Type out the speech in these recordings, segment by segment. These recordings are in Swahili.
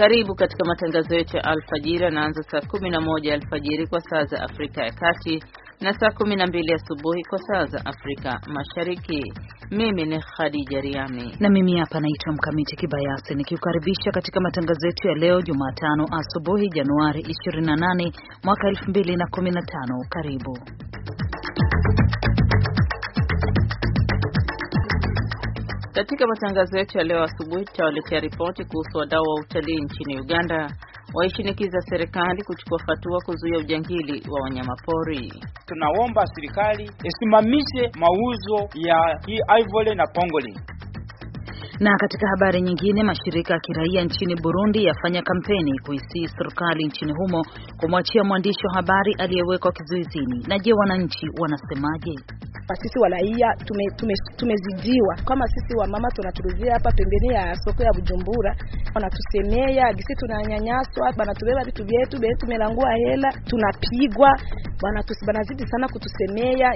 Karibu katika matangazo yetu ya alfajiri yanaanza saa 11 alfajiri kwa saa za Afrika ya Kati na saa 12 asubuhi kwa saa za Afrika Mashariki. Mimi ni Khadija Riami na mimi hapa naitwa Mkamiti Kibayasi nikiukaribisha katika matangazo yetu ya leo Jumatano asubuhi Januari 28 mwaka 2015. Karibu Katika matangazo yetu ya leo asubuhi tutawaletea ripoti kuhusu wadau wa utalii nchini Uganda waishinikiza serikali kuchukua hatua kuzuia ujangili wa wanyamapori. Tunaomba serikali isimamishe mauzo ya hii ivory na pangolin. Na katika habari nyingine, mashirika ya kiraia nchini Burundi yafanya kampeni kuisii serikali nchini humo kumwachia mwandishi wa habari aliyewekwa kizuizini. Na je, wananchi wanasemaje? hapa. Sisi walaia tumezidiwa, tume kama sisi wamama tunaturuzia hapa pembeni ya soko ya Bujumbura, wanatusemea gisi tunanyanyaswa, banatubeba vitu vyetu, tumelangua hela, tunapigwa, wanazidi sana kutusemea.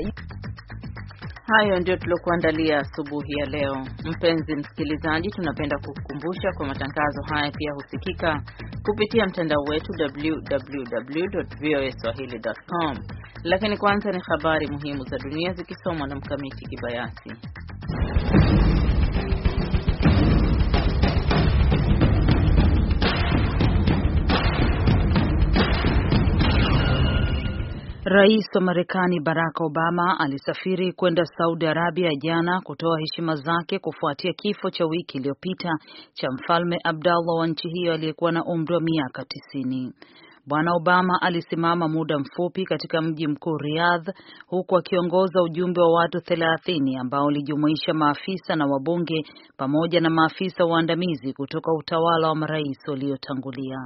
Hayo ndio tuliokuandalia asubuhi ya leo. Mpenzi msikilizaji, tunapenda kukukumbusha kwa matangazo haya pia husikika kupitia mtandao wetu www.voaswahili.com. Lakini kwanza ni habari muhimu za dunia zikisomwa na Mkamiti Kibayasi. Rais wa Marekani Barack Obama alisafiri kwenda Saudi Arabia jana kutoa heshima zake kufuatia kifo cha wiki iliyopita cha Mfalme Abdallah wa nchi hiyo aliyekuwa na umri wa miaka tisini. Bwana Obama alisimama muda mfupi katika mji mkuu Riyadh huku akiongoza ujumbe wa watu 30 ambao ulijumuisha maafisa na wabunge pamoja na maafisa waandamizi kutoka utawala wa marais waliotangulia.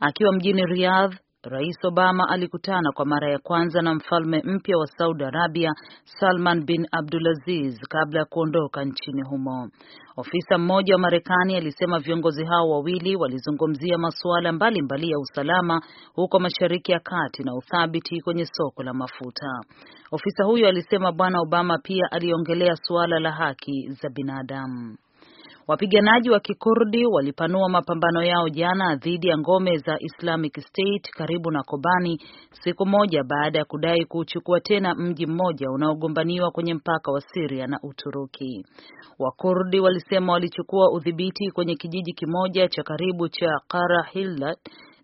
Akiwa mjini Riyadh, Rais Obama alikutana kwa mara ya kwanza na mfalme mpya wa Saudi Arabia Salman bin Abdulaziz kabla ya kuondoka nchini humo. Ofisa mmoja wa Marekani alisema viongozi hao wawili walizungumzia masuala mbalimbali ya usalama huko Mashariki ya Kati na uthabiti kwenye soko la mafuta. Ofisa huyo alisema Bwana Obama pia aliongelea suala la haki za binadamu. Wapiganaji wa Kikurdi walipanua mapambano yao jana dhidi ya ngome za Islamic State karibu na Kobani, siku moja baada ya kudai kuchukua tena mji mmoja unaogombaniwa kwenye mpaka wa Syria na Uturuki. Wakurdi walisema walichukua udhibiti kwenye kijiji kimoja cha karibu cha Qara Hillat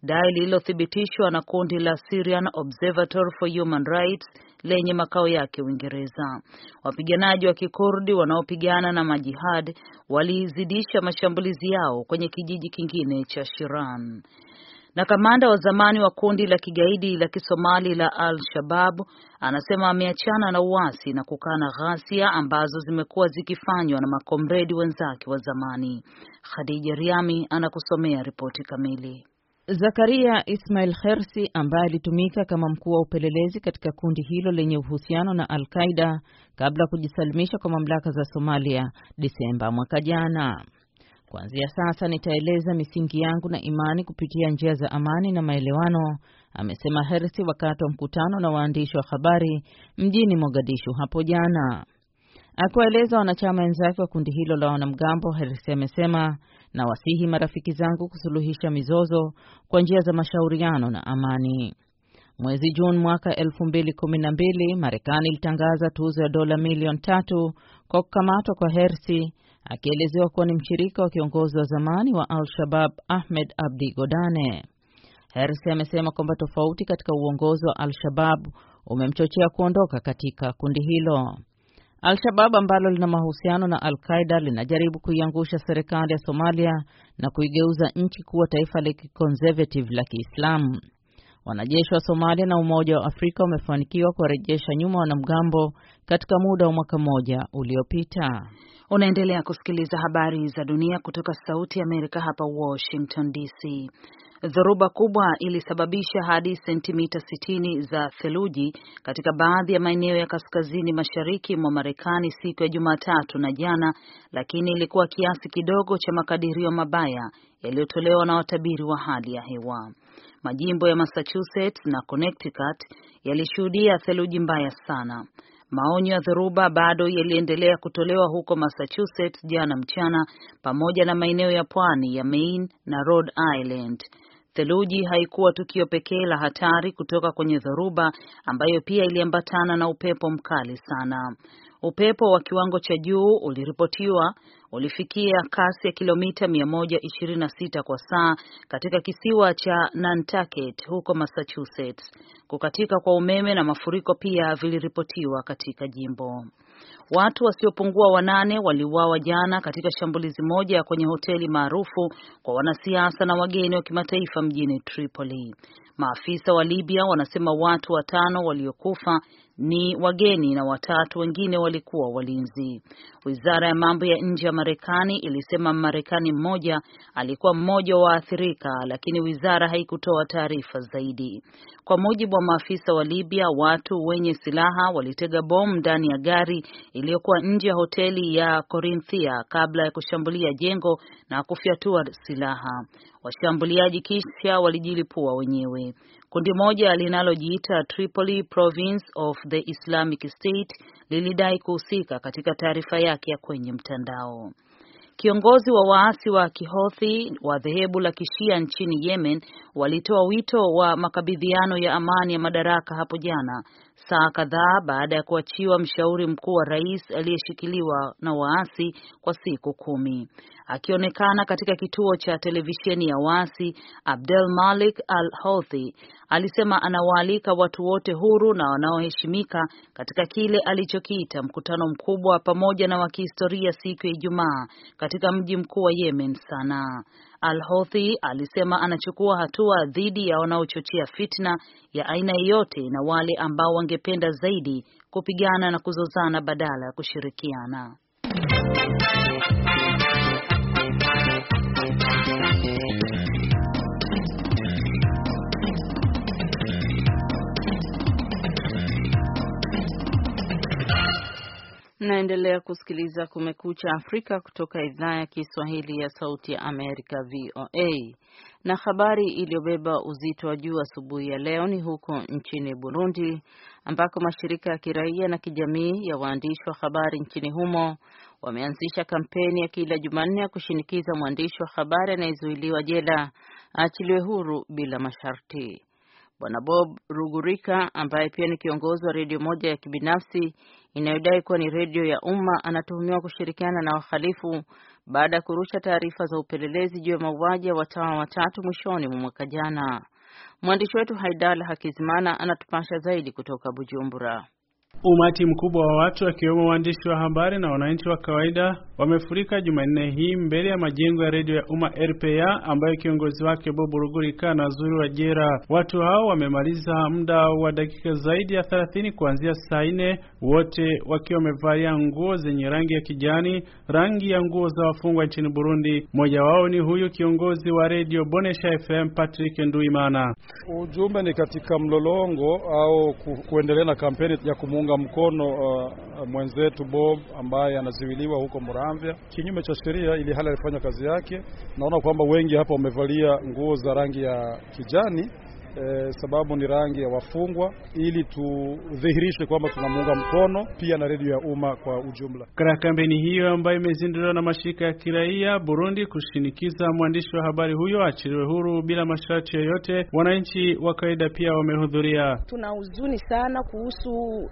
dai lililothibitishwa na kundi la Syrian Observatory for Human Rights lenye makao yake Uingereza. Wapiganaji wa Kikurdi wanaopigana na majihad walizidisha mashambulizi yao kwenye kijiji kingine cha Shiran. Na kamanda wa zamani wa kundi la kigaidi la Kisomali la al shabab anasema ameachana na uasi na kukana ghasia ambazo zimekuwa zikifanywa na makomredi wenzake wa zamani. Khadija Riami anakusomea ripoti kamili. Zakaria Ismail Khersi ambaye alitumika kama mkuu wa upelelezi katika kundi hilo lenye uhusiano na Al-Qaida kabla ya kujisalimisha kwa mamlaka za Somalia Disemba mwaka jana. Kuanzia sasa nitaeleza misingi yangu na imani kupitia njia za amani na maelewano, amesema Hersi wakati wa mkutano na waandishi wa habari mjini Mogadishu hapo jana. Akiwaeleza wanachama wenzake wa kundi hilo la wanamgambo, Herise amesema nawasihi marafiki zangu kusuluhisha mizozo kwa njia za mashauriano na amani. Mwezi Juni mwaka 2012 Marekani ilitangaza tuzo ya dola milioni tatu kwa kukamatwa kwa Hersi akielezewa kuwa ni mshirika wa kiongozi wa zamani wa Al-Shabab Ahmed Abdi Godane. Hersi amesema kwamba tofauti katika uongozi wa Al-Shabab umemchochea kuondoka katika kundi hilo. Al-Shabab ambalo lina mahusiano na Al-Qaida linajaribu kuiangusha serikali ya Somalia na kuigeuza nchi kuwa taifa la conservative la Kiislamu. Wanajeshi wa Somalia na Umoja wa Afrika wamefanikiwa kuwarejesha nyuma wanamgambo katika muda wa mwaka mmoja uliopita. Unaendelea kusikiliza habari za dunia kutoka Sauti ya Amerika hapa Washington DC. Dhoruba kubwa ilisababisha hadi sentimita 60 za theluji katika baadhi ya maeneo ya kaskazini mashariki mwa Marekani siku ya Jumatatu na jana, lakini ilikuwa kiasi kidogo cha makadirio mabaya yaliyotolewa na watabiri wa hali ya hewa. Majimbo ya Massachusetts na Connecticut yalishuhudia theluji mbaya sana. Maonyo ya dhoruba bado yaliendelea kutolewa huko Massachusetts jana mchana pamoja na maeneo ya pwani ya Maine na Rhode Island. Theluji haikuwa tukio pekee la hatari kutoka kwenye dhoruba ambayo pia iliambatana na upepo mkali sana. Upepo wa kiwango cha juu uliripotiwa ulifikia kasi ya kilomita 126 kwa saa katika kisiwa cha Nantucket huko Massachusetts. Kukatika kwa umeme na mafuriko pia viliripotiwa katika jimbo. Watu wasiopungua wanane waliuawa jana katika shambulizi moja kwenye hoteli maarufu kwa wanasiasa na wageni wa kimataifa mjini Tripoli. Maafisa wa Libya wanasema watu watano waliokufa ni wageni na watatu wengine walikuwa walinzi. Wizara ya mambo ya nje ya Marekani ilisema Marekani mmoja alikuwa mmoja wa waathirika, lakini wizara haikutoa taarifa zaidi. Kwa mujibu wa maafisa wa Libya, watu wenye silaha walitega bomu ndani ya gari iliyokuwa nje ya hoteli ya Corinthia kabla ya kushambulia jengo na kufyatua silaha. Washambuliaji kisha walijilipua wenyewe. Kundi moja linalojiita Tripoli Province of the Islamic State lilidai kuhusika katika taarifa yake ya kwenye mtandao. Kiongozi wa waasi wa Kihothi wa dhehebu la Kishia nchini Yemen walitoa wito wa makabidhiano ya amani ya madaraka hapo jana saa kadhaa baada ya kuachiwa mshauri mkuu wa rais aliyeshikiliwa na waasi kwa siku kumi. Akionekana katika kituo cha televisheni ya waasi, Abdel Malik Al Houthi alisema anawaalika watu wote huru na wanaoheshimika katika kile alichokiita mkutano mkubwa pamoja na wa kihistoria siku ya Ijumaa katika mji mkuu wa Yemen, Sanaa al Hothi alisema anachukua hatua dhidi ya wanaochochea fitna ya aina yoyote na wale ambao wangependa zaidi kupigana na kuzozana badala ya kushirikiana. Mnaendelea kusikiliza Kumekucha Afrika kutoka idhaa ya Kiswahili ya Sauti ya Amerika, VOA. Na habari iliyobeba uzito wa juu asubuhi ya leo ni huko nchini Burundi, ambako mashirika ya kiraia na kijamii ya waandishi wa habari nchini humo wameanzisha kampeni ya kila Jumanne ya kushinikiza mwandishi wa habari anayezuiliwa jela aachiliwe huru bila masharti. Bwana Bob Rugurika ambaye pia ni kiongozi wa redio moja ya kibinafsi inayodai kuwa ni redio ya umma anatuhumiwa kushirikiana na wahalifu baada ya kurusha taarifa za upelelezi juu ya mauaji ya watawa watatu mwishoni mwa mwaka jana. Mwandishi wetu Haidala Hakizimana anatupasha zaidi kutoka Bujumbura. Umati mkubwa wa watu wakiwemo waandishi wa habari na wananchi wa kawaida wamefurika Jumanne hii mbele ya majengo ya redio ya umma RPA ambayo kiongozi wake Bob Rugurika wa Wajera. Watu hao wamemaliza muda wa dakika zaidi ya 30 kuanzia saa nne, wote wakiwa wamevalia nguo zenye rangi ya kijani, rangi ya nguo za wafungwa nchini Burundi. Mmoja wao ni huyu kiongozi wa redio Bonesha FM Patrick Nduimana. Ujumbe ni katika mlolongo au kuendelea na kampeni ya kumuunga kumuunga mkono uh, mwenzetu Bob ambaye anaziwiliwa huko Muramvya kinyume cha sheria, ili hali alifanya kazi yake. Naona kwamba wengi hapa wamevalia nguo za rangi ya kijani Eh, sababu ni rangi ya wafungwa, ili tudhihirishe kwamba tunamuunga mkono pia na redio ya umma kwa ujumla. Katika kampeni hiyo ambayo imezinduliwa na mashirika ya kiraia Burundi kushinikiza mwandishi wa habari huyo achiliwe huru bila masharti yoyote, wananchi wa kawaida pia wamehudhuria. Tuna huzuni sana kuhusu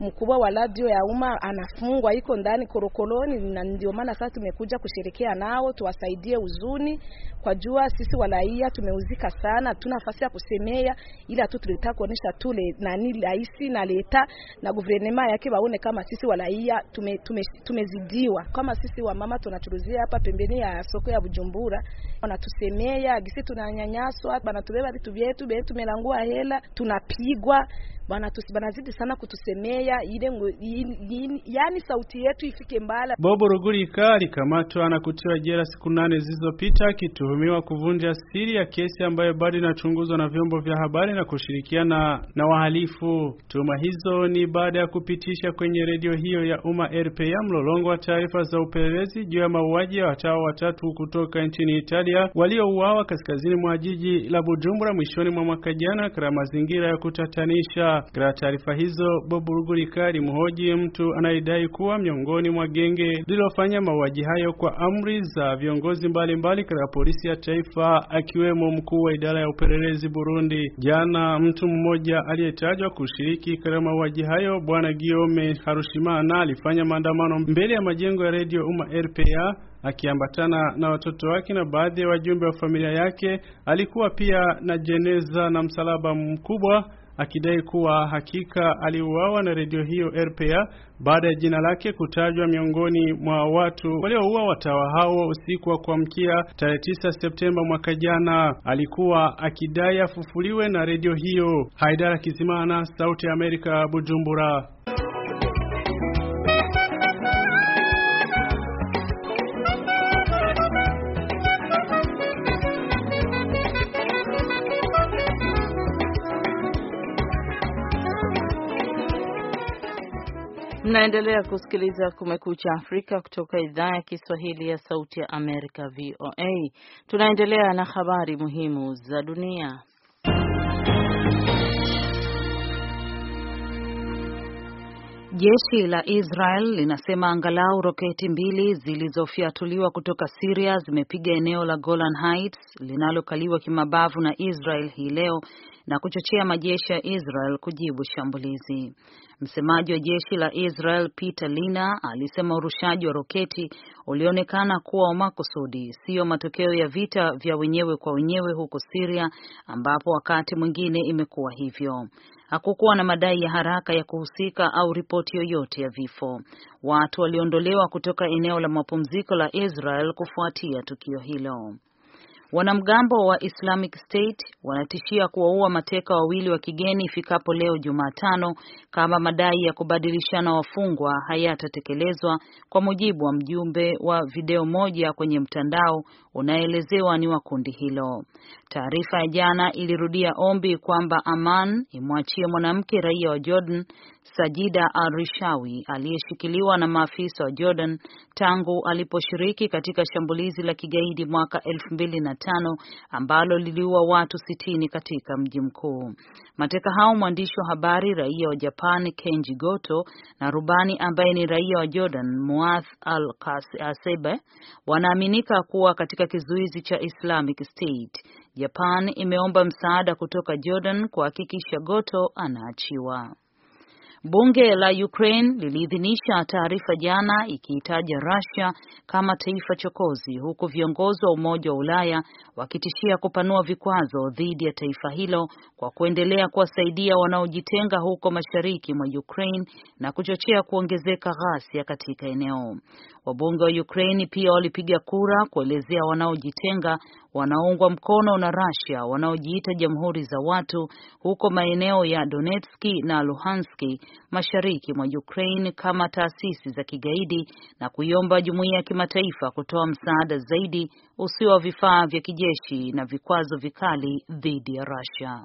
mkubwa wa radio ya umma anafungwa, iko ndani korokoroni, na ndio maana sasa tumekuja kushirikia nao tuwasaidie huzuni, kwa jua sisi waraia tumeuzika sana, tuna nafasi ya kusemea meya, ila tu tulitaka kuonesha tu le nani raisi na leta na guvernema yake waone kama sisi walaia tumezidiwa, tume, tume kama sisi wamama tunachuruzia hapa pembeni ya soko ya Bujumbura, wanatusemea gisi tunanyanyaswa, banatubeba vitu vyetu be tumelangua hela, tunapigwa banatusi banazidi sana kutusemea ile yani sauti yetu ifike mbala. Bobo Rugurika alikamatwa na kutiwa jela siku nane zilizopita akituhumiwa kuvunja siri ya kesi ambayo bado inachunguzwa na vyombo vya habari na kushirikiana na wahalifu. Tuhuma hizo ni baada ya kupitisha kwenye redio hiyo ya umma RPA mlolongo wa taarifa za upelelezi juu ya mauaji ya watawa watatu kutoka nchini Italia waliouawa kaskazini mwa jiji la Bujumbura mwishoni mwa mwaka jana katika mazingira ya kutatanisha. Katika taarifa hizo, Bob Rugurika alimhoji mtu anayedai kuwa miongoni mwa genge lililofanya mauaji hayo kwa amri za viongozi mbalimbali katika polisi ya taifa, akiwemo mkuu wa idara ya upelelezi Burundi. Jana mtu mmoja aliyetajwa kushiriki katika mauaji hayo, Bwana Guillaume Harushimana, alifanya maandamano mbele ya majengo ya Radio Uma RPA akiambatana na watoto wake na baadhi ya wajumbe wa familia yake. Alikuwa pia na jeneza na msalaba mkubwa akidai kuwa hakika aliuawa na redio hiyo RPA baada ya jina lake kutajwa miongoni mwa watu walioua watawa hao usiku wa kuamkia tarehe 9 Septemba mwaka jana. Alikuwa akidai afufuliwe na redio hiyo. Haidara Kizimana, Sauti ya Amerika, Bujumbura. Mnaendelea kusikiliza Kumekucha Afrika kutoka idhaa ya Kiswahili ya Sauti ya Amerika, VOA. Tunaendelea na habari muhimu za dunia. Jeshi la Israel linasema angalau roketi mbili zilizofyatuliwa kutoka siria zimepiga eneo la Golan Heights linalokaliwa kimabavu na Israel hii leo na kuchochea majeshi ya Israel kujibu shambulizi. Msemaji wa jeshi la Israel Peter Lina alisema urushaji wa roketi ulionekana kuwa wa makusudi, siyo matokeo ya vita vya wenyewe kwa wenyewe huko Siria, ambapo wakati mwingine imekuwa hivyo. Hakukuwa na madai ya haraka ya kuhusika au ripoti yoyote ya vifo. Watu waliondolewa kutoka eneo la mapumziko la Israel kufuatia tukio hilo. Wanamgambo wa Islamic State wanatishia kuwaua mateka wawili wa kigeni ifikapo leo Jumatano kama madai ya kubadilishana wafungwa hayatatekelezwa, kwa mujibu wa mjumbe wa video moja kwenye mtandao unaelezewa ni wa kundi hilo. Taarifa ya jana ilirudia ombi kwamba Aman imwachie mwanamke raia wa Jordan Sajida arishawi aliyeshikiliwa na maafisa wa Jordan tangu aliposhiriki katika shambulizi la kigaidi mwaka 2005 ambalo liliua watu sitini katika mji mkuu. Mateka hao mwandishi wa habari raia wa Japan Kenji Goto na rubani ambaye ni raia wa Jordan Muath al-Kasebe wanaaminika kuwa katika kizuizi cha Islamic State. Japan imeomba msaada kutoka Jordan kuhakikisha Goto anaachiwa. Bunge la Ukraine liliidhinisha taarifa jana ikiitaja Russia kama taifa chokozi huku viongozi wa Umoja wa Ulaya wakitishia kupanua vikwazo dhidi ya taifa hilo kwa kuendelea kuwasaidia wanaojitenga huko mashariki mwa Ukraine na kuchochea kuongezeka ghasia katika eneo. Wabunge wa Ukraine pia walipiga kura kuelezea wanaojitenga wanaoungwa mkono na Russia wanaojiita jamhuri za watu huko maeneo ya Donetsk na Luhansk mashariki mwa Ukraine kama taasisi za kigaidi na kuiomba jumuiya ya kimataifa kutoa msaada zaidi usio wa vifaa vya kijeshi na vikwazo vikali dhidi ya Russia.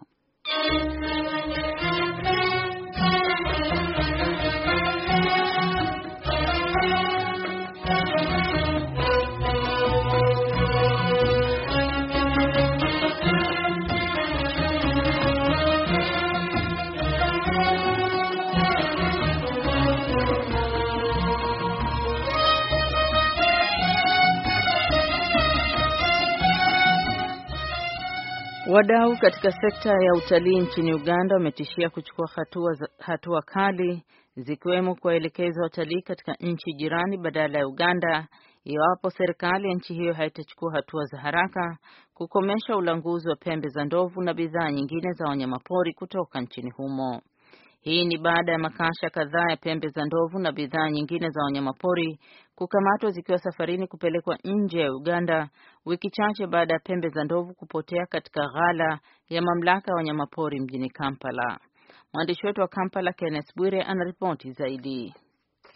Wadau katika sekta ya utalii nchini Uganda wametishia kuchukua hatua, hatua kali zikiwemo kuwaelekeza watalii katika nchi jirani badala ya Uganda iwapo serikali ya nchi hiyo haitachukua hatua za haraka kukomesha ulanguzi wa pembe za ndovu na bidhaa nyingine za wanyamapori kutoka nchini humo. Hii ni baada ya makasha kadhaa ya pembe za ndovu na bidhaa nyingine za wanyamapori kukamatwa zikiwa safarini kupelekwa nje ya Uganda wiki chache baada ya pembe za ndovu kupotea katika ghala ya mamlaka ya wanyamapori mjini Kampala. Mwandishi wetu wa Kampala Kenneth Bwire anaripoti zaidi.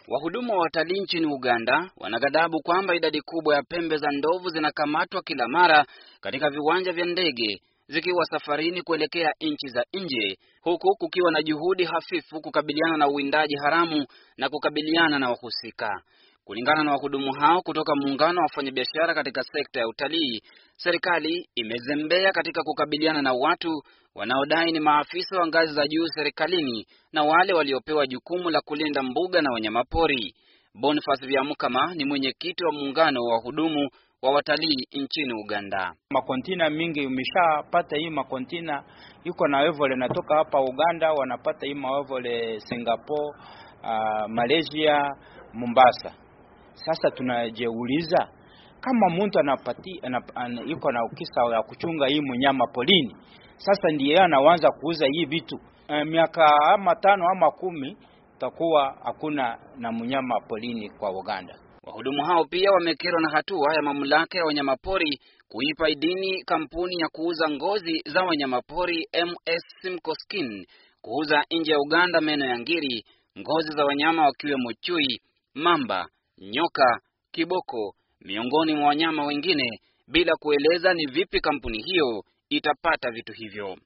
Wahudumu wa watalii nchini Uganda wanaghadhabu kwamba idadi kubwa ya pembe za ndovu zinakamatwa kila mara katika viwanja vya ndege zikiwa safarini kuelekea nchi za nje, huku kukiwa na juhudi hafifu kukabiliana na uwindaji haramu na kukabiliana na wahusika. Kulingana na wahudumu hao kutoka muungano wa wafanyabiashara katika sekta ya utalii, serikali imezembea katika kukabiliana na watu wanaodai ni maafisa wa ngazi za juu serikalini na wale waliopewa jukumu la kulinda mbuga na wanyamapori. Boniface Byamukama ni mwenyekiti wa muungano wa wahudumu wa watalii nchini Uganda. Makontina mingi umeshapata hii makontina iko na wevole natoka hapa Uganda, wanapata hii mawevole Singapore, uh, Malaysia, Mombasa sasa tunajeuliza kama mtu anapati iko na ukisa ya kuchunga hii mnyama polini, sasa ndiye anaanza kuuza hii vitu e, miaka ama tano ama kumi takuwa hakuna na mnyama polini kwa Uganda. Wahudumu hao pia wamekerwa na hatua ya mamlaka ya wanyamapori kuipa idini kampuni ya kuuza ngozi za wanyamapori MS Simco Skin kuuza nje ya Uganda meno ya ngiri, ngozi za wanyama wakiwemo chui, mamba nyoka, kiboko, miongoni mwa wanyama wengine, bila kueleza ni vipi kampuni hiyo itapata vitu hivyo.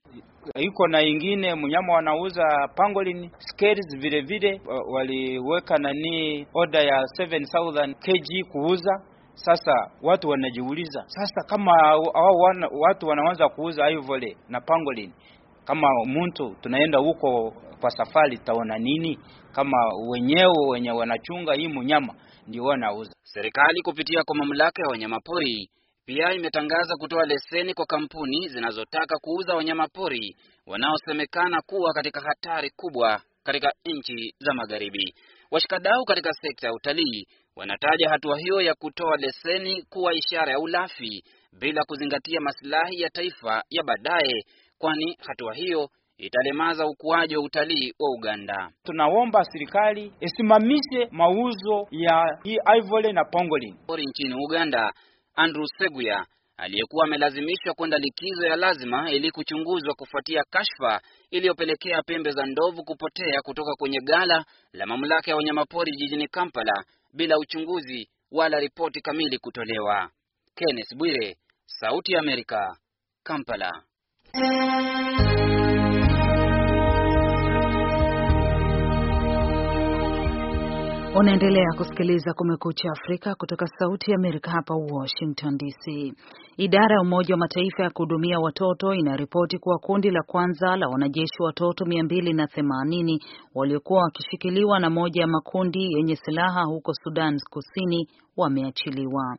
Iko na ingine mnyama wanauza pangolin scales vile vile waliweka nani order ya 7000 kg kuuza. Sasa watu wanajiuliza sasa, kama au watu wanaanza kuuza ivory na pangolin, kama mtu tunaenda huko kwa safari, taona nini? Kama wenyewe wenye wanachunga hii mnyama ndio wanauza. Serikali kupitia kwa mamlaka ya wanyamapori pia imetangaza kutoa leseni kwa kampuni zinazotaka kuuza wanyamapori wanaosemekana kuwa katika hatari kubwa katika nchi za magharibi. Washikadau katika sekta ya utalii wanataja hatua hiyo ya kutoa leseni kuwa ishara ya ulafi bila kuzingatia maslahi ya taifa ya baadaye, kwani hatua hiyo italemaza ukuaji wa utalii wa Uganda. Tunaomba serikali isimamishe mauzo ya hii ivory na pangolin nchini Uganda. Andrew Seguya aliyekuwa amelazimishwa kwenda likizo ya lazima ili kuchunguzwa kufuatia kashfa iliyopelekea pembe za ndovu kupotea kutoka kwenye gala la mamlaka ya wanyamapori jijini Kampala bila uchunguzi wala ripoti kamili kutolewa. Kenneth Bwire, Sauti ya Amerika, Kampala. Unaendelea kusikiliza Kumekucha Afrika kutoka Sauti ya Amerika hapa Washington DC. Idara ya Umoja wa Mataifa ya kuhudumia watoto inaripoti kuwa kundi la kwanza la wanajeshi watoto 280 waliokuwa wakishikiliwa na moja ya makundi yenye silaha huko Sudan Kusini wameachiliwa.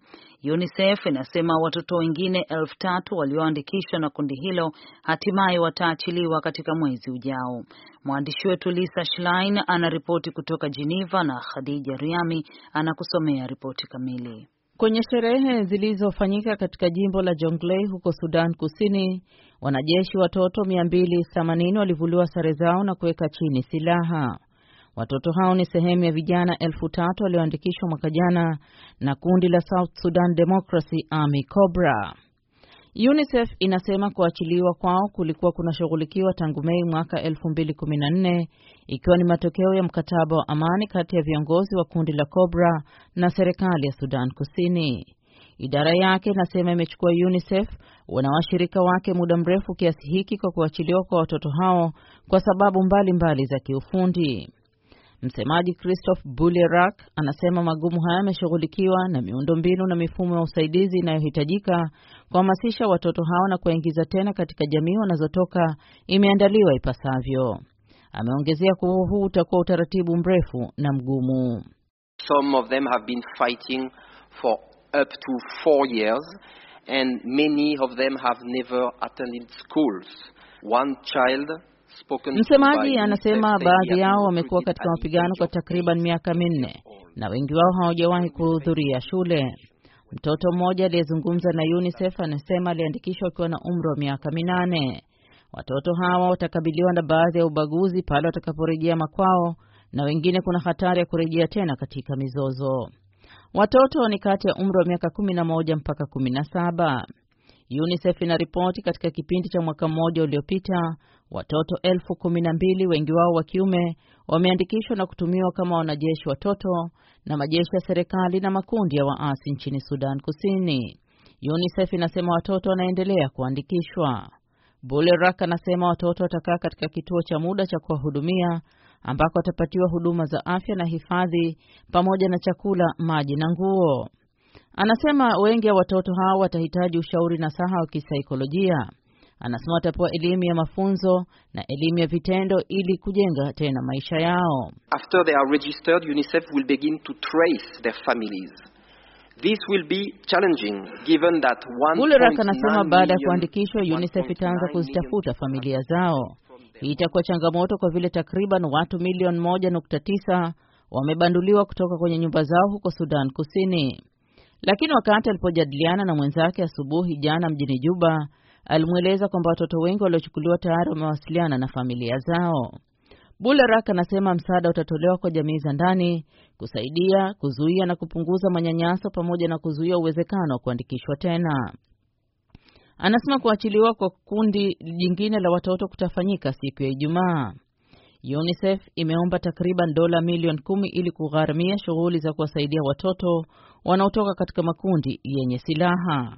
UNICEF inasema watoto wengine elfu tatu walioandikishwa na kundi hilo hatimaye wataachiliwa katika mwezi ujao. Mwandishi wetu Lisa Schlein anaripoti kutoka Geneva na Khadija Riami anakusomea ripoti kamili. Kwenye sherehe zilizofanyika katika jimbo la Jonglei huko Sudan Kusini, wanajeshi watoto 280 walivuliwa sare zao na kuweka chini silaha. Watoto hao ni sehemu ya vijana elfu tatu walioandikishwa mwaka jana na kundi la South Sudan Democracy Army Cobra. UNICEF inasema kuachiliwa kwao kulikuwa kunashughulikiwa tangu Mei mwaka 2014 ikiwa ni matokeo ya mkataba wa amani kati ya viongozi wa kundi la Cobra na serikali ya Sudan Kusini. Idara yake inasema imechukua UNICEF wana washirika wake muda mrefu kiasi hiki kwa kuachiliwa kwa watoto hao kwa sababu mbalimbali mbali za kiufundi. Msemaji Christophe bulerak anasema magumu haya yameshughulikiwa na miundo mbinu na mifumo ya usaidizi inayohitajika kuhamasisha watoto hawa na kuwaingiza tena katika jamii wanazotoka imeandaliwa ipasavyo. Ameongezea kuwa huu utakuwa utaratibu mrefu na mgumu. Some of them have been fighting for up to four years and many of them have never attended schools. One child Msemaji anasema baadhi yao wamekuwa katika mapigano kwa takriban miaka minne na wengi wao hawajawahi kuhudhuria shule. Mtoto mmoja aliyezungumza na UNICEF anasema aliandikishwa akiwa na umri wa miaka minane. Watoto hawa watakabiliwa na baadhi ya ubaguzi pale watakaporejea makwao, na wengine kuna hatari ya kurejea tena katika mizozo. Watoto ni kati ya umri wa miaka kumi na moja mpaka kumi na saba. UNICEF inaripoti katika kipindi cha mwaka mmoja uliopita Watoto elfu kumi na mbili, wengi wao wa kiume, wameandikishwa na kutumiwa kama wanajeshi watoto na majeshi ya serikali na makundi ya waasi nchini Sudan Kusini. UNICEF inasema watoto wanaendelea kuandikishwa. Bulerak anasema watoto watakaa katika kituo cha muda cha kuwahudumia ambako watapatiwa huduma za afya na hifadhi pamoja na chakula, maji na nguo. Anasema wengi wa watoto hao watahitaji ushauri na saha wa kisaikolojia Anasema watapewa elimu ya mafunzo na elimu ya vitendo ili kujenga tena maisha yao. After they are registered, UNICEF will begin to trace their families. This will be challenging given that one. anasema baada ya kuandikishwa UNICEF itaanza kuzitafuta familia zao. Hii itakuwa changamoto kwa vile takriban watu milioni 1.9 wamebanduliwa kutoka kwenye nyumba zao huko Sudan Kusini. Lakini wakati alipojadiliana na mwenzake asubuhi jana mjini Juba, alimweleza kwamba watoto wengi waliochukuliwa tayari wamewasiliana na familia zao. Bularak anasema msaada utatolewa kwa jamii za ndani kusaidia kuzuia na kupunguza manyanyaso pamoja na kuzuia uwezekano wa kuandikishwa tena. Anasema kuachiliwa kwa kundi jingine la watoto kutafanyika siku ya Ijumaa. UNICEF imeomba takriban dola milioni kumi ili kugharamia shughuli za kuwasaidia watoto wanaotoka katika makundi yenye silaha.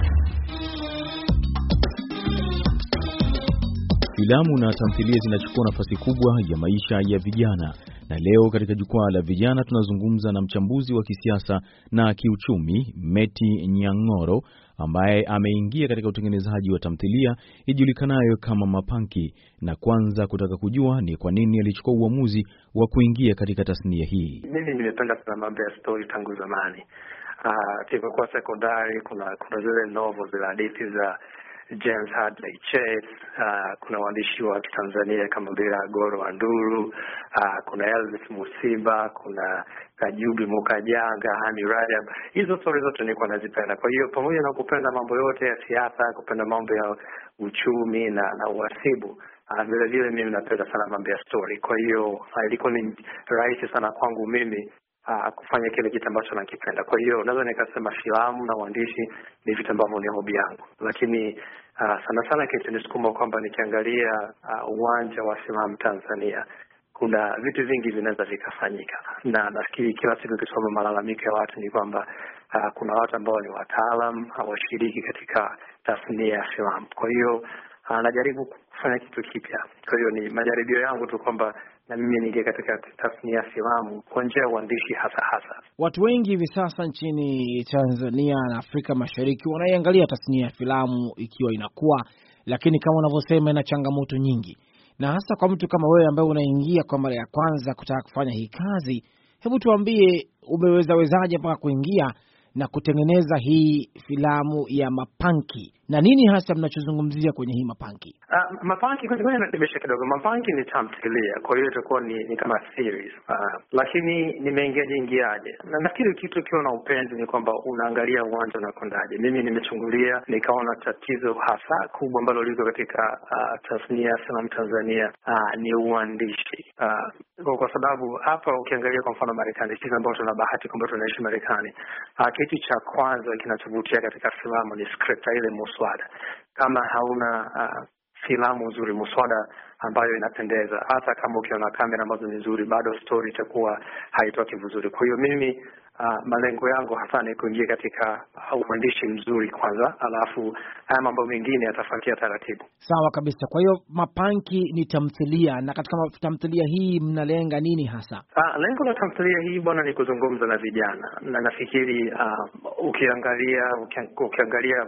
Filamu na tamthilia zinachukua nafasi kubwa ya maisha ya vijana, na leo katika jukwaa la vijana tunazungumza na mchambuzi wa kisiasa na kiuchumi Meti Nyang'oro ambaye ameingia katika utengenezaji wa tamthilia ijulikanayo kama Mapanki, na kwanza kutaka kujua ni kwa nini alichukua uamuzi wa kuingia katika tasnia hii. Mimi nimependa sana mambo ya stori tangu zamani. Uh, ah, tulivyokuwa sekondari kuna kuna zile novo zile hadithi za James Hadley Chase, uh, kuna waandishi wa Kitanzania kama vile Agoro anduru uh, kuna Elvis Musiba, kuna Kajubi Mukajanga, Hani Rajab. Hizo stori zote nilikuwa nazipenda. Kwa hiyo pamoja na kupenda mambo yote ya siasa, kupenda mambo ya uchumi na na uhasibu uh, vile vile mimi napenda sana mambo ya story, kwa hiyo uh, ilikuwa ni rahisi sana kwangu mimi aa, ah, kufanya kile kitu ambacho nakipenda. Kwa hiyo naweza nikasema filamu na uandishi ni vitu ambavyo ni hobi yangu, lakini aa, ah, sana sana kilichonisukuma kwamba nikiangalia ah, uwanja wa filamu Tanzania kuna vitu vingi vinaweza vikafanyika, na nafikiri kila siku ikisoma malalamiko ya watu ni kwamba uh, kuna watu ambao ni wataalam hawashiriki katika tasnia ya filamu. Kwa hiyo uh, najaribu kufanya kitu kipya. Kwa hiyo ni majaribio yangu tu kwamba na mimi niingie katika tasnia ya filamu kwa njia ya uandishi hasa hasa. Watu wengi hivi sasa nchini Tanzania na Afrika Mashariki wanaiangalia tasnia ya filamu ikiwa inakuwa, lakini kama unavyosema, ina changamoto nyingi, na hasa kwa mtu kama wewe ambaye unaingia kwa mara ya kwanza kutaka kufanya hii kazi. Hebu tuambie, umewezawezaje mpaka kuingia na kutengeneza hii filamu ya Mapanki, na nini hasa mnachozungumzia kwenye hii Mapanki? Uh, ah, Mapanki natibisha kidogo. Mapanki ni tamthilia, kwa hiyo itakuwa ni, ni kama series uh, lakini nimeingiaje ingiaje? Na nafikiri kitu ukiwa na upenzi ni kwamba unaangalia uwanja unakwendaje. Mimi nimechungulia nikaona tatizo hasa kubwa ambalo liko katika uh, tasnia ya Tanzania uh, ni uandishi uh, kwa sababu hapa ukiangalia kwa mfano Marekani, sisi ambao tuna bahati kwamba tunaishi Marekani uh, kitu cha kwanza kinachovutia katika filamu ni script, ile muswada. Kama hauna uh, filamu nzuri, muswada ambayo inapendeza, hata kama ukiona kamera ambazo ni nzuri, bado story itakuwa haitoki vizuri. Kwa hiyo mimi Uh, malengo yangu hasa ni kuingia katika ah, uandishi mzuri kwanza, alafu haya mambo mengine yatafuatia taratibu. Sawa kabisa. Kwa hiyo mapanki ni tamthilia, na katika tamthilia hii mnalenga nini hasa? Uh, lengo la tamthilia hii bwana, ni kuzungumza na vijana, na nafikiri uh, ukiangalia ukiangalia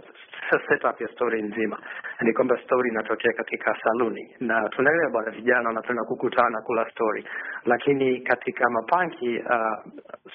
setup ya story nzima ni kwamba story inatokea katika saluni, na tunaelewa bwana, vijana wanapenda kukutana kula story, lakini katika mapanki uh,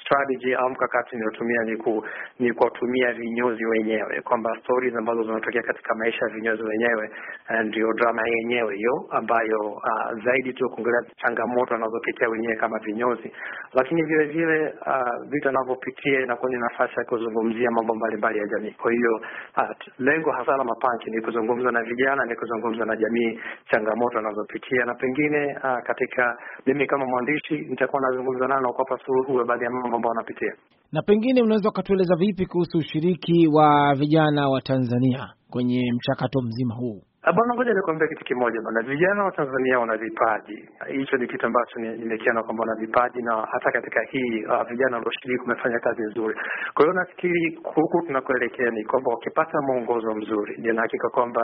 strategy au mkakati niliotumia ni ku, ni kuwatumia vinyozi wenyewe, kwamba stories ambazo zinatokea katika maisha ya vinyozi wenyewe eh, ndio drama yenyewe hiyo, ambayo uh, zaidi tu kuongelea changamoto anazopitia wenyewe kama vinyozi, lakini vile vile uh, vitu anavyopitia inakuwa ni nafasi ya kuzungumzia mambo mbalimbali ya jamii. Kwa hiyo uh, lengo hasa la mapanki ni kuzungumza na vijana, ni kuzungumza na jamii changamoto anazopitia, na pengine uh, katika mimi kama mwandishi nitakuwa nazungumza nao na kuwapa suluhu ya baadhi ya mambo ambao wanapitia. Na pengine unaweza ukatueleza vipi kuhusu ushiriki wa vijana wa Tanzania kwenye mchakato mzima huu? Ah, bwana, ngoja nikuambia kitu kimoja bwana, vijana wa Tanzania wana vipaji. Hicho ni kitu ambacho nimekiona kwamba wana vipaji, na hata katika hii uh, vijana walioshiriki wamefanya kazi nzuri. Kwa hiyo nafikiri huku tunakoelekea ni kwamba wakipata mwongozo mzuri, nina hakika kwamba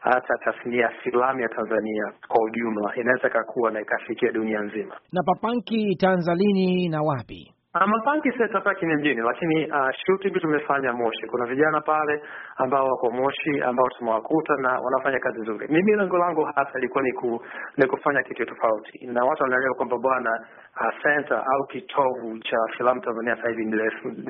hata tasnia filamu ya Tanzania kwa ujumla inaweza ikakuwa na ikafikia dunia nzima. Na Papanki Tanzalini na wapi Ah, Mapanki si Tatakin mjini, lakini uh, shooting tumefanya Moshi. Kuna vijana pale ambao wako Moshi ambao tumewakuta na wanafanya kazi nzuri. Mimi lengo langu hasa ilikuwa ni, ku, ni kufanya kitu tofauti, na watu wanaelewa kwamba bwana uh, center au kitovu cha filamu Tanzania sasa hivi ni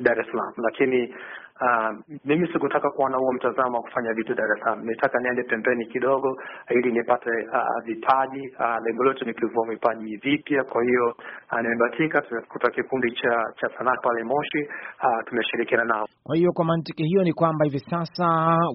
Dar es Salaam, lakini Uh, mimi sikutaka kuwa na huo mtazamo wa kufanya vitu darasani, nitaka niende pembeni kidogo ili nipate uh, vipaji uh, lengo letu ni kuvua vipaji vipya. Kwa hiyo uh, nimebatika kuta kikundi cha cha sanaa pale Moshi uh, tumeshirikiana nao. Kwa hiyo kwa mantiki hiyo ni kwamba hivi sasa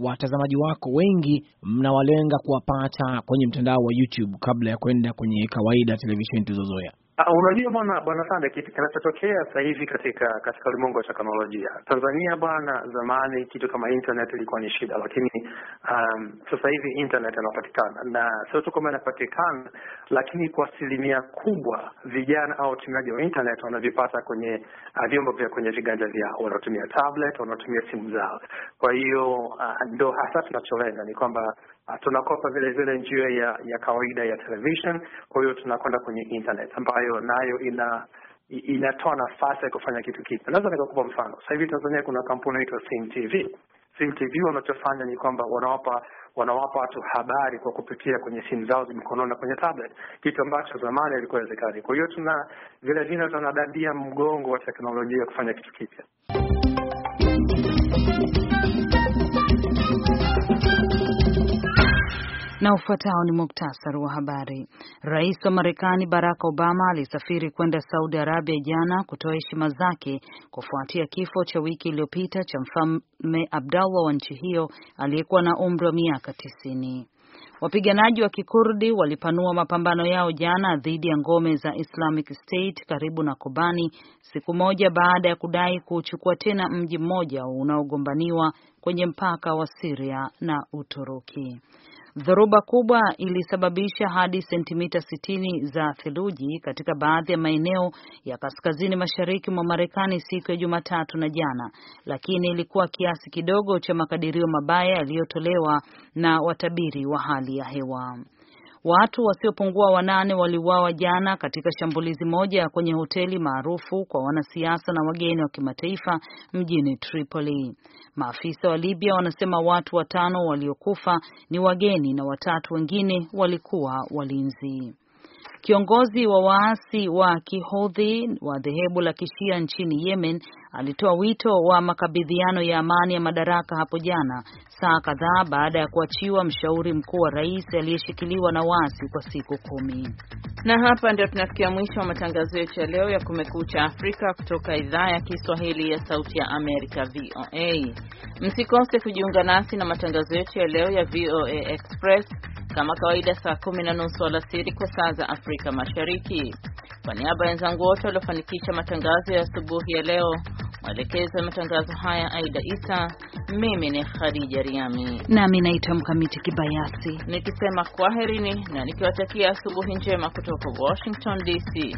watazamaji wako wengi mnawalenga kuwapata kwenye mtandao wa YouTube kabla ya kwenda kwenye kawaida televisheni tulizozoea. Ah, unajua bwana bwana Sande, kitu kinachotokea sasa hivi katika katika ulimwengu wa teknolojia Tanzania bwana, zamani kitu kama internet ilikuwa ni shida, lakini um, sasa hivi internet inapatikana na sio tu kama inapatikana, lakini kwa asilimia kubwa vijana au watumiaji wa internet wanavipata kwenye uh, vyombo vya kwenye viganja vyao, wanatumia tablet, wanatumia simu zao. Kwa hiyo uh, ndo hasa tunacholenga ni kwamba Ah, tunakopa vile vile njia ya ya kawaida ya television. Kwa hiyo tunakwenda kwenye internet ambayo nayo ina inatoa nafasi ya kufanya kitu kipya. Naweza nikakupa mfano, sasa hivi Tanzania kuna kampuni inaitwa Sim TV. Sim TV wanachofanya ni kwamba wanawapa wanawapa watu habari kwa kupitia kwenye simu zao za mkononi na kwenye tablet, kitu ambacho zamani ilikuwa haiwezekani. Kwa hiyo tuna vile vile tunadadia mgongo wa teknolojia kufanya kitu kipya. Na ufuatao ni muktasari wa habari. Rais wa Marekani Barack Obama alisafiri kwenda Saudi Arabia jana kutoa heshima zake kufuatia kifo cha wiki iliyopita cha mfalme Abdallah wa nchi hiyo aliyekuwa na umri wa miaka tisini. Wapiganaji wa Kikurdi walipanua mapambano yao jana dhidi ya ngome za Islamic State karibu na Kobani siku moja baada ya kudai kuchukua tena mji mmoja unaogombaniwa kwenye mpaka wa Syria na Uturuki. Dhoruba kubwa ilisababisha hadi sentimita 60 za theluji katika baadhi ya maeneo ya kaskazini mashariki mwa Marekani siku ya Jumatatu na jana, lakini ilikuwa kiasi kidogo cha makadirio mabaya yaliyotolewa na watabiri wa hali ya hewa. Watu wasiopungua wanane waliuawa jana katika shambulizi moja kwenye hoteli maarufu kwa wanasiasa na wageni wa kimataifa mjini Tripoli. Maafisa wa Libya wanasema watu watano waliokufa ni wageni na watatu wengine walikuwa walinzi. Kiongozi wa waasi wa Kihodhi wa dhehebu la Kishia nchini Yemen alitoa wito wa makabidhiano ya amani ya madaraka hapo jana, saa kadhaa baada ya kuachiwa mshauri mkuu wa rais aliyeshikiliwa na waasi kwa siku kumi. Na hapa ndio tunafikia mwisho wa matangazo yetu ya leo ya Kumekucha Afrika kutoka idhaa ya Kiswahili ya Sauti ya Amerika, VOA. Msikose kujiunga nasi na matangazo yetu ya leo ya VOA Express kama kawaida saa kumi na nusu alasiri kwa saa za Afrika Mashariki. Kwa niaba ya wenzangu wote waliofanikisha matangazo ya asubuhi ya leo, mwelekezo wa matangazo haya Aida Isa, mimi ni Khadija Riami nami naitwa Mkamiti Kibayasi nikisema kwaherini na nikiwatakia asubuhi njema kutoka Washington DC.